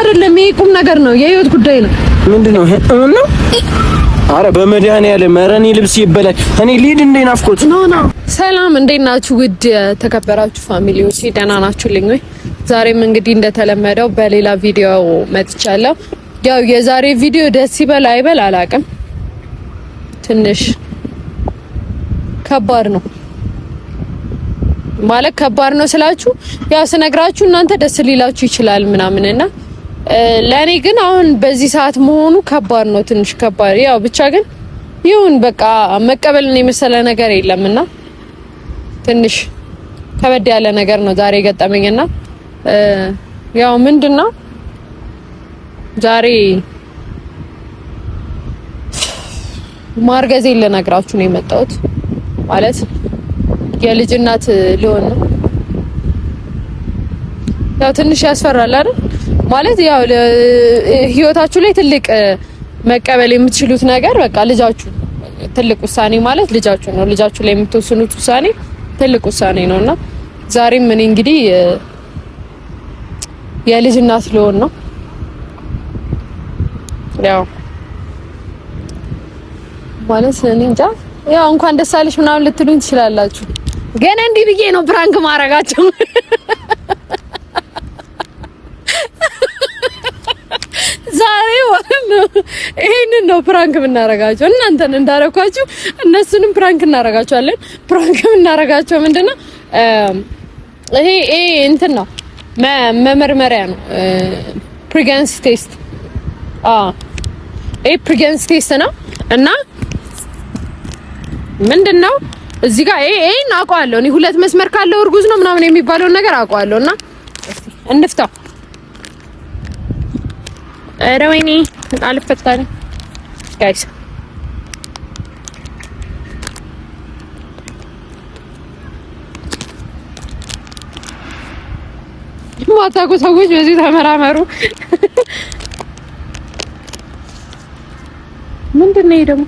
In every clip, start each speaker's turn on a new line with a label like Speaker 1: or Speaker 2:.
Speaker 1: አይደለም። ይሄ ቁም ነገር ነው፣ የህይወት ጉዳይ ነው።
Speaker 2: ምንድን ነው ይሄ? ነው አረ በመድኃኒዓለም ኧረ እኔ ልብስ ይበላል። እኔ ልሂድ እንዴ ናፍቆት።
Speaker 1: ኖ ኖ። ሰላም እንዴት ናችሁ? ውድ የተከበራችሁ ፋሚሊዎች ደህና ናችሁልኝ ወይ? ዛሬም እንግዲህ እንደተለመደው በሌላ ቪዲዮ መጥቻለሁ። ያው የዛሬ ቪዲዮ ደስ ይበል አይበል አላቅም፣ ትንሽ ከባድ ነው ማለት ከባድ ነው ስላችሁ ያው ስነግራችሁ እናንተ ደስ ሊላችሁ ይችላል ምናምንና ለእኔ ግን አሁን በዚህ ሰዓት መሆኑ ከባድ ነው፣ ትንሽ ከባድ ያው ብቻ ግን ይሁን በቃ መቀበልን የመሰለ ነገር የለም እና ትንሽ ከበድ ያለ ነገር ነው ዛሬ የገጠመኝና ያው ምንድን ነው ዛሬ ማርገዜ ልነግራችሁ ነው የመጣሁት። ማለት የልጅ እናት ልሆን ነው። ያው ትንሽ ያስፈራል አይደል? ማለት ያው ህይወታችሁ ላይ ትልቅ መቀበል የምትችሉት ነገር በቃ ልጃችሁ ትልቅ ውሳኔ ማለት ልጃችሁ ነው። ልጃችሁ ላይ የምትወስኑት ውሳኔ ትልቅ ውሳኔ ነውና ዛሬም እኔ እንግዲህ የልጅ እናት ልሆን ነው። ያው ማለት እኔ እንጃ ያው እንኳን ደስ አለሽ ምናምን ልትሉኝ ትችላላችሁ፣ ግን እንዲህ ብዬ ነው ፕራንክ ማረጋቸው። ዛሬ ማለት ነው ይሄንን ነው ፕራንክ የምናረጋቸው። እናንተን እንዳረኳችሁ እነሱንም ፕራንክ እናረጋቸዋለን። ፕራንክ የምናረጋቸው ምንድነው ይሄ ይሄ እንትን ነው መመርመሪያ ነው። ፕሪጋንስ ቴስት ይሄ ፕሪጋንስ ቴስት ነው እና ምንድነው እዚህ ጋር ይሄን አውቀዋለሁ እኔ ሁለት መስመር ካለው እርጉዝ ነው ምናምን የሚባለውን ነገር አውቀዋለሁ እና እንፍታው ኧረ ወይኔ አልፈታልም ጋይስ ማታውቁ ሰዎች በዚህ ተመራመሩ። ምንድን ነው ይሄ ደግሞ?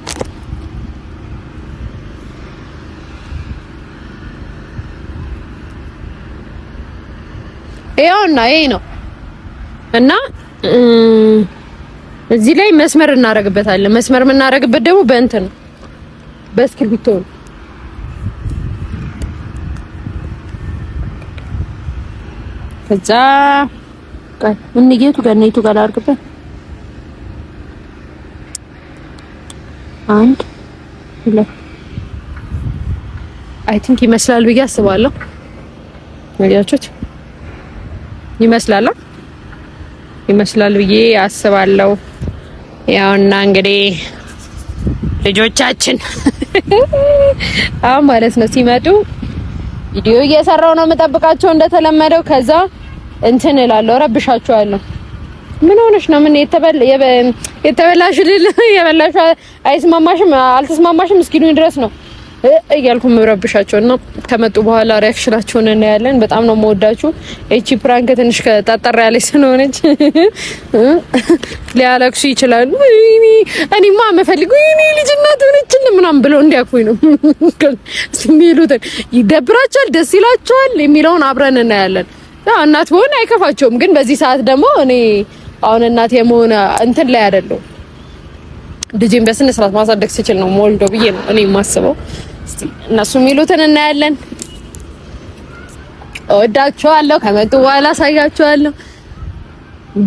Speaker 1: ይኸውና ይሄ ነው እና እዚህ ላይ መስመር እናደርግበታለን። መስመር የምናደርግበት ደግሞ በእንትን ነው በእስክሪብቶ ነው። ከዛ እንጌቱ ጋር ነይቱ ጋር ላድርግበት አንድ ሁለት አይ ቲንክ ይመስላል ብዬ አስባለሁ። ወዲያችሁት ይመስላል ይመስላል ብዬ አስባለሁ። ያውና እንግዲህ ልጆቻችን አሁን ማለት ነው ሲመጡ ቪዲዮ እየሰራው ነው የምጠብቃቸው እንደተለመደው። ከዛ እንትን እላለሁ ረብሻቸዋለሁ። ምን ሆነሽ ነው? ምን የተበላሽ ልል የበላሽ አይስማማሽም፣ አልተስማማሽም እስኪሉኝ ድረስ ነው እያልኩ ምረብሻቸው እና ከመጡ በኋላ ሪያክሽናቸውን እናያለን። በጣም ነው መወዳችሁ። እቺ ፕራንክ ትንሽ ከጣጣራ ያለች ስለሆነች ሊያለቅሱ ይችላሉ። እኔማ መፈልጉ እኔ ልጅነት ሆነችን ምናም ብለው እንዲያኩኝ ነው ሚሉትን። ይደብራቸዋል፣ ደስ ይላቸዋል የሚለውን አብረን እናያለን። እናት በሆን አይከፋቸውም። ግን በዚህ ሰዓት ደግሞ እኔ አሁን እናት የመሆነ እንትን ላይ አይደለሁም። ልጄን በስነ ስርዓት ማሳደግ ስችል ነው ሞልዶ ብዬ ነው እኔ የማስበው። እነሱ የሚሉትን እናያለን። እወዳችኋለሁ። ከመጡ በኋላ አሳያችኋለሁ።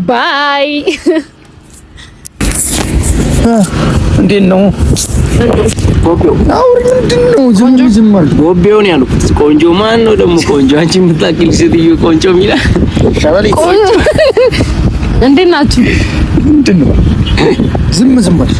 Speaker 1: ባይ።
Speaker 2: እንዴት ነው? ያልኩት
Speaker 3: ቆንጆ ማን ነው ደግሞ ቆንጆ? አንቺ የምታክል ሴትዮ ቆንጆ የሚላል
Speaker 1: እንዴት ናችሁ?
Speaker 2: ምንድን ነው? ዝም ዝም አልሽ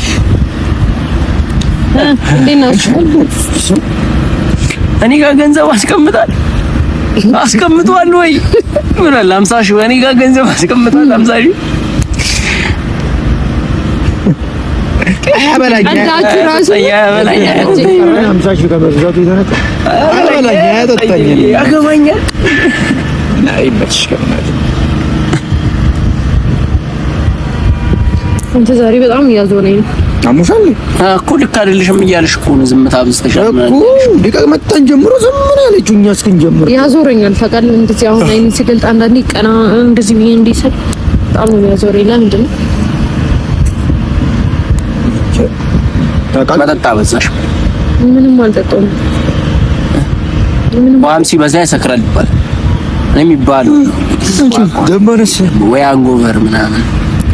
Speaker 3: እኔ ጋር ገንዘብ አስቀምጣል አስቀምጧል ወይ ምናል አምሳ ሺህ እኔ ጋር ገንዘብ አስቀምጧል አምሳ ሺህ
Speaker 1: አንተ ዛሬ በጣም እያዞነኝ ነው።
Speaker 2: አሙሻል
Speaker 3: እኮ ልክ አይደለሽም እያልሽ እኮ ነው። ዝምታ ብዝተሻል
Speaker 2: እኮ ልቀ መጣን ጀምሮ ዝም ነው ያለችው። እኛ እስክንጀምር
Speaker 1: ያዞረኛል። ታውቃለህ፣ እንደዚህ አሁን አይነት ሲገልጥ አንዳንዴ ቀና እንደዚህ ብዬ እንዲሰጥ በጣም ነው የሚያዞረኝ። ለምንድን ነው
Speaker 3: መጠጥ አበዛሽ?
Speaker 1: ምንም አልጠጣሁም።
Speaker 3: ውሃም ሲበዛ ያሰክራል ይባላል ነው የሚባለው። ደመነስ ወይ አንጎበር ምናምን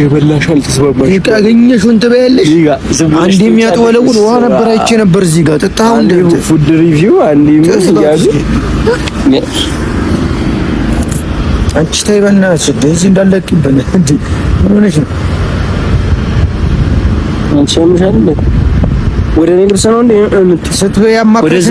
Speaker 2: የበላሽ አልተስማማሽ ካገኘሽ ወንተ በያለሽ አንድ የሚያተወለውን ውሃ ነበር አይቼ ነበር እዚህ ጋር ጥታው እንደ
Speaker 3: ፉድ ሪቪው አንድ የሚያዝ
Speaker 2: አንቺ ተይ በእናትሽ እንደዚህ እንዳለቅብን እንዴ ምን ሆነሽ ነው?
Speaker 3: አንቺ አምሻለሁ ወደ እኔ ልብስ ነው እንዴ ስትበያማ ወደዛ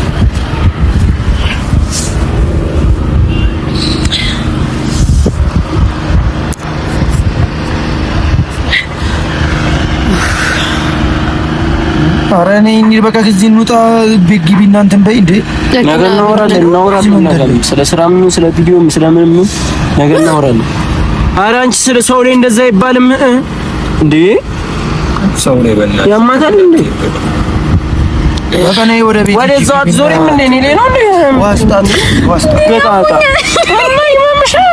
Speaker 2: ኧረ እኔ በቃ ከዚህ እንውጣ። ቤት ግቢ እናንተን በይ እንዴ
Speaker 3: ነገር እናወራለን እናወራለን። ስለ ስራም ስለ ቪዲዮም ስለምንም ነገር እናወራለን። ኧረ አንቺ ስለ ሰው ላይ እንደዛ አይባልም እንዴ
Speaker 2: ሰው ላይ በእናትሽ
Speaker 3: ያማታል እንዴ ወደ ቤት ወደ እዛው አትዞሪም እንዴ እኔ ሌላ ነው
Speaker 2: እንዴ ዋስጣ
Speaker 1: ዋስጣ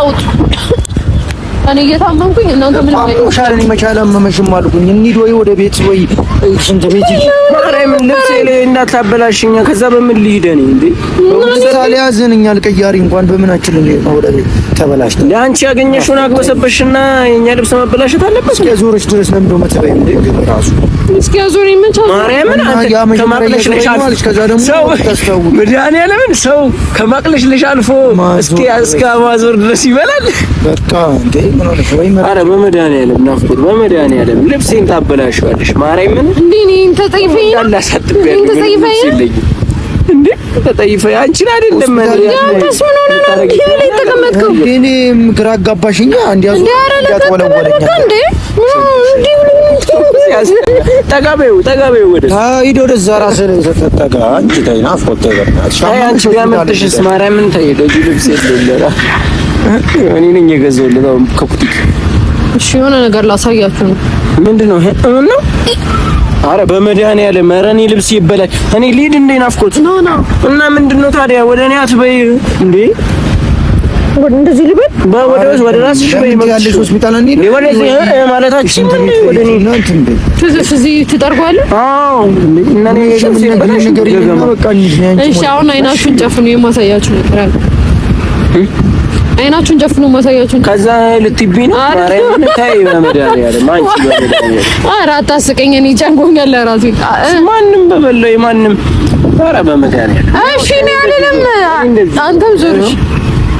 Speaker 1: ተውት። እኔ እየታመምኩኝ እናንተ ምን
Speaker 3: ማለት ነው? ሻለኝ መቻል አመመሽም አልኩኝ። እንሂድ ወይ ወደ ቤት ወይ ሽንት ቤት ይሄ ማርያም ልብስ እኔ እንዳታበላሽኛ። ከዛ በምን ልሂድ እኔ እንዴ?
Speaker 2: ምሳሌ ያዝንኛል። ቀያሪ እንኳን በምናችን ልንሄድ ነው ወደ
Speaker 3: ቤት ተበላሽተ ለአንቺ ያገኘሽውን አግበሰበሽና የኛ ልብስ መበላሸት አለበት።
Speaker 2: እስከ ዞሮች ድረስ ለምዶ መተበይ እንዴ
Speaker 1: ራሱ እስኪ አዞሪ
Speaker 3: ማርያምን ሰው ከማቅለሽለሽ አልፎ እስኪ እስከ ማዞር ድረስ ይበላል። በቃ በመድኃኒዓለም ናፍቆት በመድኃኒዓለም ልብሴን ታበላሽዋለሽ። ማርያምን
Speaker 1: እንዴ ተጠይፈኝ
Speaker 3: ወደ
Speaker 2: ሂድ ወደዛ ራስህን ስትጠጋ
Speaker 1: የሆነ ነገር ላሳያችሁ ነው
Speaker 2: ምንድን ነው ነው አረ በመድኃኒዓለም ኧረ እኔ ልብስ ይበላል እኔ ልሂድ እንዴ ናፍቆት
Speaker 3: እና ምንድን ነው ታዲያ ወደ እኔ አትበይ እንዴ
Speaker 1: እንደዚህ ልበል
Speaker 3: ወደ እራስሽ ሆስፒታል ማለታችን
Speaker 1: እዚህ ትጠርጓለህ። እሺ አሁን አይናችሁን ጨፍኑ፣ የማሳያችሁ ነገር አለ። አይናችሁን ጨፍኑ፣ የማሳያችሁን
Speaker 3: ከዛ ልትይብኝ ነው።
Speaker 1: ኧረ አታስቀኝ፣ እኔ ጨንቆኛል። ለራሴ
Speaker 3: ማንም በበላው ማንም፣ ኧረ በመድኃኒዓለም
Speaker 1: እሺ እኔ አልልም። አንተም ዞር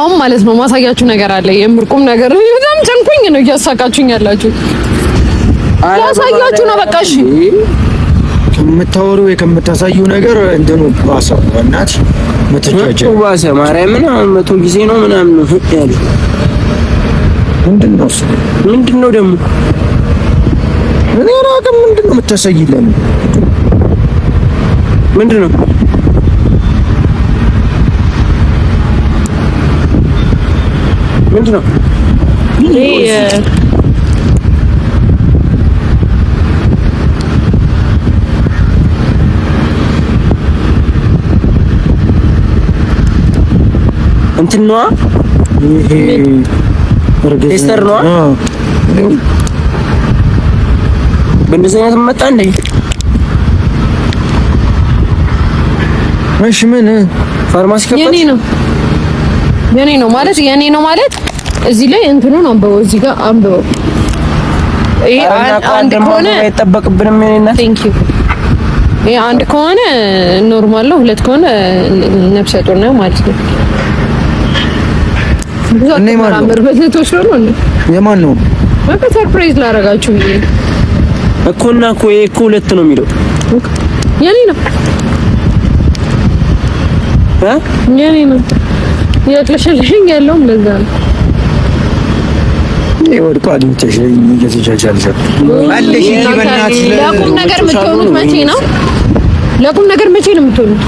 Speaker 1: አሁን ማለት ነው ማሳያችሁ ነገር አለ። የምር ቁም ነገር በጣም ጨንቁኝ ነው እያሳቃችሁኝ ያላችሁ። ያሳያችሁ ነው በቃ እሺ።
Speaker 2: ከምታወሩ ወይ ከምታሳዩ ነገር እንትኑ ባሰ፣ እናት
Speaker 3: ምትጫጨ ባሰ። ማርያም አሁን መቶ ጊዜ ነው ምናምን ነው ያለ። ምንድነው እሱ? ምንድነው ደግሞ
Speaker 2: እኔ ራቅም። ምንድነው የምታሳይለን? ምንድነው ምንድን ነው
Speaker 3: እንትን ነዋ ቴስተር ነዋ። በእንደዚህ አይነት መጣ እንደ
Speaker 2: እሺ ምን ፋርማሲ
Speaker 1: ከፈት የኔ ነው ማለት የኔ ነው ማለት እዚህ ላይ እንትኑን አንብበው፣ እዚህ ጋር አንብበው። ይሄ አንድ ከሆነ
Speaker 3: አይጠበቅብንም።
Speaker 1: ቴንክ ዩ ይሄ አንድ ከሆነ ኖርማል ነው፣ ሁለት ከሆነ ነፍሰ ጡር ነው ማለት ነው። እኔ ማን ነው ነው የማን ነው በቃ ሰርፕራይዝ ላደርጋችሁ ብዬ
Speaker 3: እኮ እና እኮ ይሄ እኮ ሁለት ነው የሚለው
Speaker 1: የኔ ነው የኔ ነው ያቅለሸልሽኝ ያለውም ለዛ ነው።
Speaker 2: ወድቆ አግኝተሽ እንጂ
Speaker 1: በእናትሽ። ለቁም ነገር የምትሆኑት መቼ ነው? ለቁም ነገር መቼ ነው የምትሆኑት?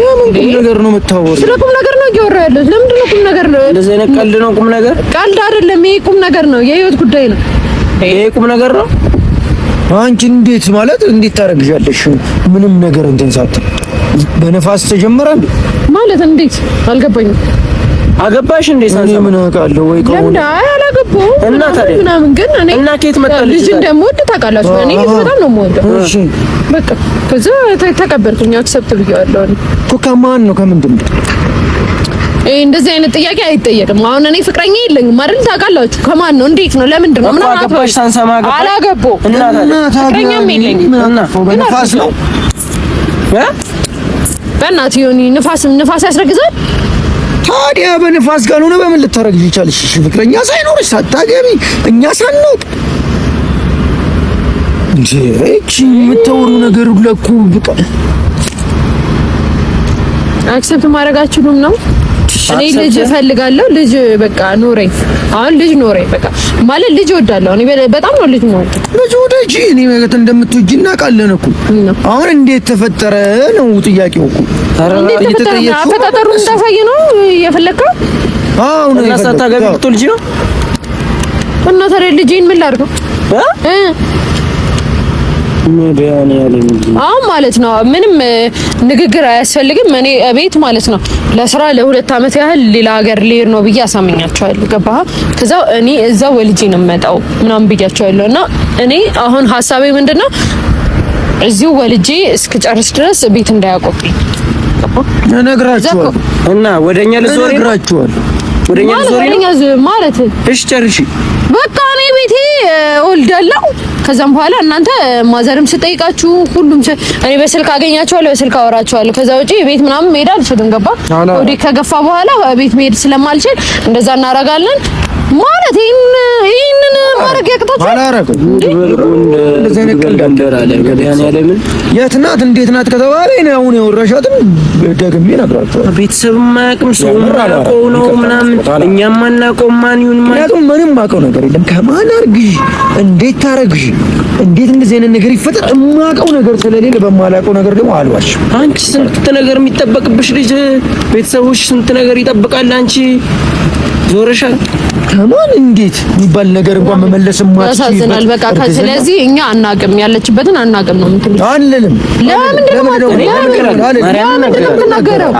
Speaker 2: ያው ምን ቁም ነገር ነው የምታወሩት?
Speaker 1: ስለ ቁም ነገር ነው ያለሁት። ለምንድን ነው ቁም ነገር?
Speaker 3: እንደዚህ አይነት ቀልድ ነው ቁም ነገር?
Speaker 1: ቀልድ አይደለም ይሄ፣ ቁም ነገር ነው። የህይወት ጉዳይ ነው
Speaker 3: ይሄ። ቁም ነገር ነው።
Speaker 2: አንቺ እንዴት ማለት እንዴት ታረግዣለሽ? ምንም ነገር እንትን ሳትል በነፋስ ተጀመረ እንዴ?
Speaker 1: ማለት እንዴት አልገባኝም።
Speaker 3: አገባሽ እንዴ?
Speaker 2: ሳንሳ ምን አውቃለሁ ወይ አይ
Speaker 1: ከሆነ እና ታዲያ ምናምን ግን
Speaker 3: እኔ እና ከየት መጣልሽ?
Speaker 1: ልጅ እንደምወድ ታውቃላችሁ። እኔ ልጅ በጣም ነው የምወደው። እሺ በቃ ከዛ ተቀበልኩኝ፣ አክሰፕት ብያለሁ።
Speaker 2: እኮ ከማን ነው ከምንድን ነው
Speaker 1: ይሄ? እንደዚህ አይነት ጥያቄ አይጠየቅም። አሁን እኔ ፍቅረኛ የለኝም አይደል? ታውቃላችሁ። ከማን ነው እንዴት ነው ለምንድን
Speaker 3: ነው ምን አገባሽ? ሳንሳ ማገባሽ
Speaker 1: አላገባሁም እና ታዲያ ፍቅረኛም የለኝም
Speaker 2: እና
Speaker 3: በነፋስ ነው እ
Speaker 1: በእናትህ ዮኒ ንፋስም ንፋስ ያስረግዛል።
Speaker 2: ታዲያ በንፋስ ጋር ካልሆነ በምን ልታረግ ይቻልሽ? እሺ ፍቅረኛ ሳይኖርሽ ሳታገቢ እኛ ሳንኖር እንጂ እቺ የምታወሩ ነገር ሁሉ እኮ በቃ
Speaker 1: አክሰፕት ማድረጋችሁም ነው እኔ ልጅ እፈልጋለሁ። ልጅ በቃ ኖረኝ። አሁን ልጅ ኖረኝ በቃ ማለት ልጅ እወዳለሁ። እኔ በጣም ነው ልጅ ሞት
Speaker 2: ልጅ ወደጂ እኔ ማለት እንደምትወጂ እናውቃለን እኮ። አሁን እንዴት ተፈጠረ ነው ጥያቄው እኮ።
Speaker 1: እንዴት ተፈጠረ? አፈጣጠሩ እንዳሳየ ነው የፈለግከው። ነው እና ሳታገቢ ልጅ ነው እና ታዲያ ልጄን ምን ላድርገው? አሁን ማለት ነው ምንም ንግግር አያስፈልግም። እኔ እቤት ማለት ነው ለስራ ለሁለት አመት ያህል ሌላ ሀገር ልሄድ ነው ብዬ አሳምኛቸዋለሁ። ገባህ? ከዛ እኔ እዛ ወልጄ ነው የምመጣው ምናምን ብያቸዋለሁ። እና እኔ አሁን ሀሳቤ ምንድን ነው እዚሁ ወልጄ እስክጨርስ ድረስ ቤት እንዳያቆብኝ
Speaker 2: እነግራችኋለሁ።
Speaker 3: እና ወደኛ ልዞር
Speaker 2: እነግራችኋለሁ
Speaker 1: ወደኛ ልዞር ማለት እሺ፣ ጨርሺ። በቃ እኔ ቤቴ እወልዳለሁ ከዛም በኋላ እናንተ ማዘርም ስጠይቃችሁ ሁሉም እኔ በስልክ አገኛቸዋለሁ፣ በስልክ አወራቸዋለሁ። ከዛ ውጪ ቤት ምናምን መሄድ አልችልም። ገባ ወዴ ከገፋ በኋላ ቤት መሄድ ስለማልችል እንደዛ እናረጋለን። ማለት ይህንን ማድረግ ያቅታችሁ
Speaker 2: አላረኩም። የት ናት እንዴት ናት ከተባለ እኔ አሁን የወረሻትን ደግሜ እነግራቸዋለሁ።
Speaker 3: ቤተሰብ የማያውቅም ሰው የማያውቀው ነው ምናምን እኛ የማናውቀው ማን ይሁን
Speaker 2: ምክንያቱም ምንም የማውቀው ነገር የለም። ከማን አርግሽ፣ እንዴት ታረግሽ፣ እንዴት እንደዚህ አይነት ነገር ይፈጠር የማውቀው ነገር ስለሌለ በማላውቀው ነገር ደግሞ አልዋሽም።
Speaker 3: አንቺ ስንት ነገር የሚጠበቅብሽ ልጅ ቤተሰቦች ስንት ነገር ይጠብቃል። አንቺ ዞረሻል
Speaker 2: ከማን እንዴት የሚባል ነገር እንኳን መመለስ
Speaker 1: ያሳዝናል። በቃ ስለዚህ እኛ አናቅም፣ ያለችበትን አናቅም ነው
Speaker 2: የምትሉት። አንልም።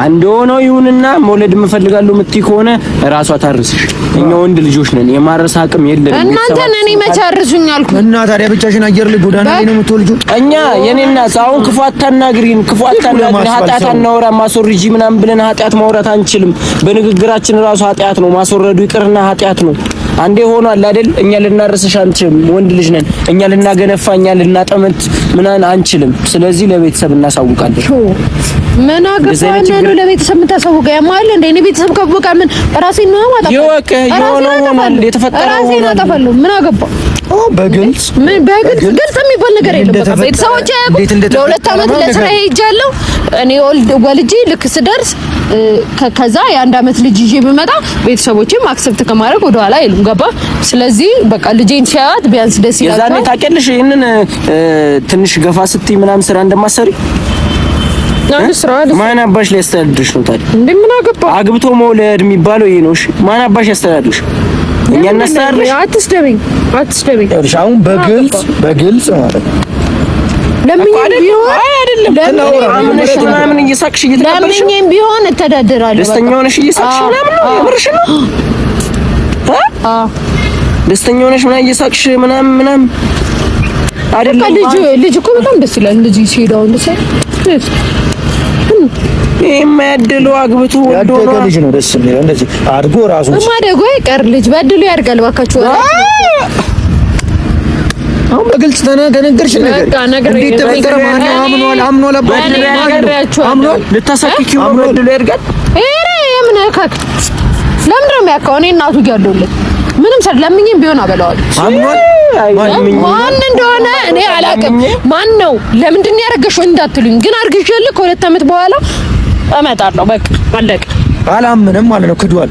Speaker 3: አንድ ሆነው ይሁንና መውለድ የምፈልጋለሁ የምትይ ከሆነ ራሷ ታርስሽ። እኛ ወንድ ልጆች ነን፣ የማረስ አቅም የለንም።
Speaker 1: እናንተን እኔ መቼ አርሱኝ
Speaker 2: እና ታዲያ ብቻሽን አየር ላይ ጎዳና ላይ ነው
Speaker 3: የምትወልጁ። እኛ የኔና አሁን ክፉ አታናግሪን፣ ክፉ አታናግሪን፣ ኃጢአት አናወራም። ማስወርጂ ምናምን ብለን ኃጢአት ማውራት አንችልም። በንግግራችን ራሱ ኃጢአት ነው። ማስወረዱ ይቅርና ኃጢአት ማለት ነው። አንዴ ሆኗል አይደል? እኛ ልናርስሽ አንችም፣ ወንድ ልጅ ነን። እኛ ልናገነፋ፣ እኛ ልናጠመት ምናምን አንችልም። ስለዚህ ለቤተሰብ እናሳውቃለን።
Speaker 1: ምን አገባኝ ነው ለቤተሰብ የምታሳውቀው? ያማል እንደ እኔ ቤተሰብ ከቦቃ ምን ራሴን ነው
Speaker 3: ማለት ነው። ይወቀ የሆነው ሆኗል፣
Speaker 1: የተፈጠረው ሆኗል። ምን አገባ
Speaker 2: ኦ በግልጽ
Speaker 1: ምን በግልጽ ግልጽ የሚባል ነገር የለም። በቃ ቤተሰቦች አያውቁም። ለሁለት አመት ለስራ ሄጃለሁ እኔ ወልጄ ልክ ስደርስ ከዛ የአንድ አመት ልጅ ይዤ ብመጣ ቤተሰቦችም አክሰብት ከማድረግ ወደ ኋላ አይሉም። ገባ? ስለዚህ በቃ ልጄን ሲያዩት ቢያንስ ደስ
Speaker 3: ይላል። የዛኔ ታውቂያለሽ ይሄንን ትንሽ ገፋ ስትይ ምናምን ስራ እንደማሰሪ ማን አባሽ ሊያስተዳድርሽ ነው ታዲያ?
Speaker 1: እንዴ ምን አገባ?
Speaker 3: አግብቶ መውለድ የሚባለው ይሄ ነው። እሺ ማን አባሽ ያስተዳድርሽ? እኛ እናስተዳድርሽ።
Speaker 1: አትስደብኝ፣ አትስደብኝ።
Speaker 2: አሁን በግልጽ በግልጽ ማለት ነው
Speaker 1: ለምኝም ቢሆን እተዳደራለሁ።
Speaker 3: ደስተኛ ሆነሽ እየሳቅሽ ምናምን ነው፣ የምርሽ ነው። ደስተኛ ሆነሽ ምናምን እየሳቅሽ ምናምን ምናምን
Speaker 1: አይደለም። ልጅ ልጅ እኮ በጣም ደስ ይላል እንደዚህ ሲሄድ። አሁን
Speaker 3: አግብቶ
Speaker 2: ወዶ ነው ልጅ ነው ደስ የሚለው እንደዚህ አድጎ ራሱ
Speaker 1: ማደጎ ልጅ በድሉ ያድጋል። እባካችሁ
Speaker 2: አሁን በግልጽ ተነገርሽ ነገር እንዴት ተፈጠረ? ማነው የምን
Speaker 1: እኔ እናቱ እያለሁለት ምንም ሰር ለምኝም ቢሆን አበላዋል። ማን እንደሆነ እኔ አላውቅም። ማን ነው ለምንድን ነው ያደረገሽው እንዳትሉኝ፣ ግን አርግዣለሁ። ከሁለት ዓመት በኋላ እመጣለሁ። በቃ አለቀ።
Speaker 2: አላምንም ማለት ነው። ክዷል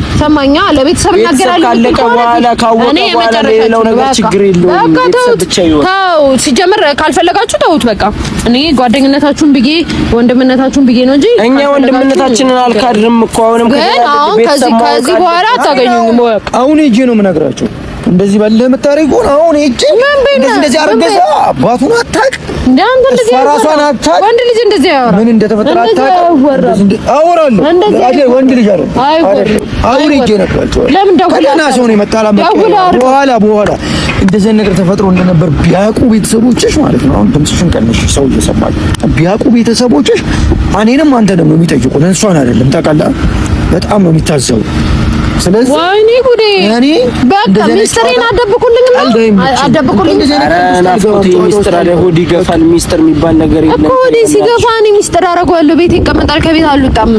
Speaker 1: ሰማኛ ለቤተሰብ
Speaker 3: እናገራለሁ። ካለቀ በኋላ ካወቀ በኋላ ሌላው ነገር ችግር የለውም።
Speaker 1: ተው ሲጀምር ካልፈለጋችሁ ተውት በቃ። እኔ ጓደኝነታችሁን ብዬ ወንድምነታችሁን ብዬ ነው እንጂ
Speaker 3: እኛ ወንድምነታችንን አልካድርም እኮ አሁንም
Speaker 1: ከዚህ በኋላ አታገኙኝም።
Speaker 2: አሁን ሂጅ ነው የምነግራችሁ እንደዚህ ባለ መታረቁን አሁን እጪ እንደዚህ እንደዚህ አርገዛ አባቱን አታውቅ ራሷን አታውቅ።
Speaker 1: ወንድ ልጅ እንደዚህ ያወራ
Speaker 2: ምን እንደተፈጠረ አታውቅ። አወራለሁ አይደል? ወንድ ልጅ አይደል? አሁን እጄ ነካቸው። ለምን ደውላ ሰው ነው መጣላ በኋላ በኋላ እንደዚህ ነገር ተፈጥሮ እንደነበር ቢያውቁ ቤተሰቦችሽ ማለት ነው። አሁን ድምፅሽን ቀንሽ፣ ሰው እየሰማል። ቢያውቁ ቤተሰቦችሽ እኔንም አንተንም ነው የሚጠይቁን፣ እሷን አይደለም። ታውቃለህ፣ በጣም ነው የሚታዘቡ
Speaker 1: ስለዚህ ወይኔ ጉዴ እኔ
Speaker 3: ሚስጥር የሚባል ነገር
Speaker 1: ሲገፋ ቤት ይቀመጣል። ከቤት አልወጣም።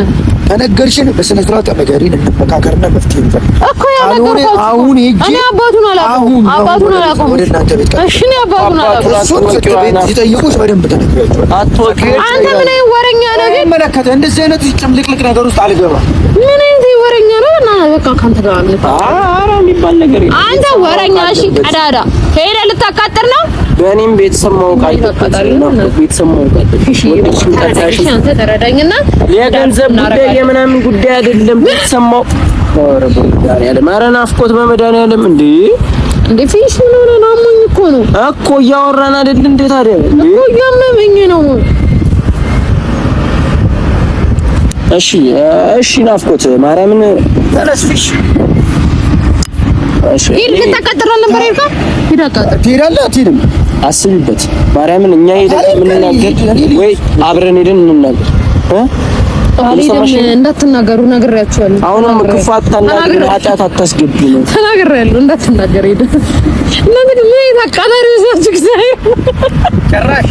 Speaker 2: ተነገርሽን በስነ ስርዓት ነገሪን እንመካከርና መፍትሄ እኮ ያ አሁን ሂጂ። እኔ አባቱን አላውቅም፣
Speaker 1: አባቱን አላውቅም። እሺ እኔ አባቱን አላውቅም። እሱን
Speaker 2: ቤት ሲጠይቁሽ በደንብ ተነግሪያቸው።
Speaker 1: አንተ ምን ወረኛ
Speaker 2: ነገር እንደዚህ አይነት ጭምልቅልቅ ነገር ውስጥ አልገባም።
Speaker 1: ምን ወረኛ ነው እና በቃ ካንተ ጋር
Speaker 2: ኧረ የሚባል ነገር
Speaker 1: የለም። አንተ ወረኛ፣ እሺ ቀዳዳ ሄደህ ልታቃጥር ነው።
Speaker 3: በእኔም ቤተሰብ ማወቅ አይጠበቅም። ቤተሰብ ማወቅ
Speaker 1: አይጠበቅም። አንተ ተረዳኝና
Speaker 3: የገንዘብ ጉዳይ የምናምን ጉዳይ አይደለም። ቤተሰብ ማወቅ ኧረ ናፍቆት በመድኃኒዓለም እንደ
Speaker 1: እንደ ፊሽ ምን ሆነህ ነው? አሞኝ እኮ ነው
Speaker 3: እኮ እያወራን አይደል? እንዴት አይደል
Speaker 1: እኮ እያመመኝ ነው
Speaker 3: እሺ እሺ፣ ናፍቆት ማርያምን
Speaker 2: ተነስፊሽ።
Speaker 1: እሺ ይሄን ተቀጥሮ ነበር ይልካ
Speaker 2: ትሄዳለህ አትሄድም?
Speaker 3: አስቢበት ማርያምን። እኛ ሄደን የምንናገር ወይ አብረን ሄደን እንናገር
Speaker 1: እንዳትናገሩ ነግሬያቸዋለሁ።
Speaker 3: አሁንም ክፋት ታናግሪ፣ ኃጢአት አታስገቢ
Speaker 1: ነው ተናግሬያለሁ። እንዳትናገር ሄደ እናንተ ግን ምን ታቃናሪ ወዛችሁ ጊዜ ጭራሽ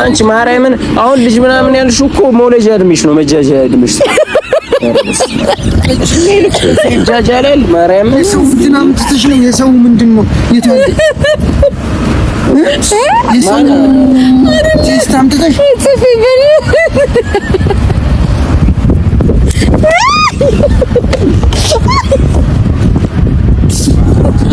Speaker 3: አንቺ ማርያምን አሁን ልጅ ምናምን ያልሽ እኮ መውለጃ እድሜሽ ነው። መጃጃ እድሜሽ መጃጃል ማርያምን
Speaker 2: የሰው ፊትና ምትትሽ ነው። የሰው ምንድን ነው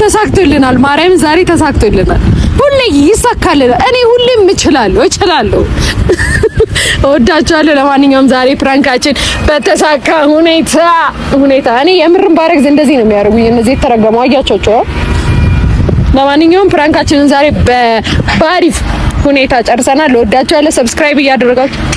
Speaker 1: ተሳክቶልናል። ማርያም ዛሬ ተሳክቶልናል። ሁሌ ይሳካልናል። እኔ ሁሌም እችላለሁ እችላለሁ። እወዳችኋለሁ። ለማንኛውም ዛሬ ፕራንካችን በተሳካ ሁኔታ ሁኔታ እኔ የምርም ባረግዝ እንደዚህ ነው የሚያደርጉኝ እነዚህ የተረገሙ አያቸውቸው። ለማንኛውም ፕራንካችንን ዛሬ በአሪፍ ሁኔታ ጨርሰናል። እወዳችኋለሁ። ሰብስክራይብ እያደረጋችሁ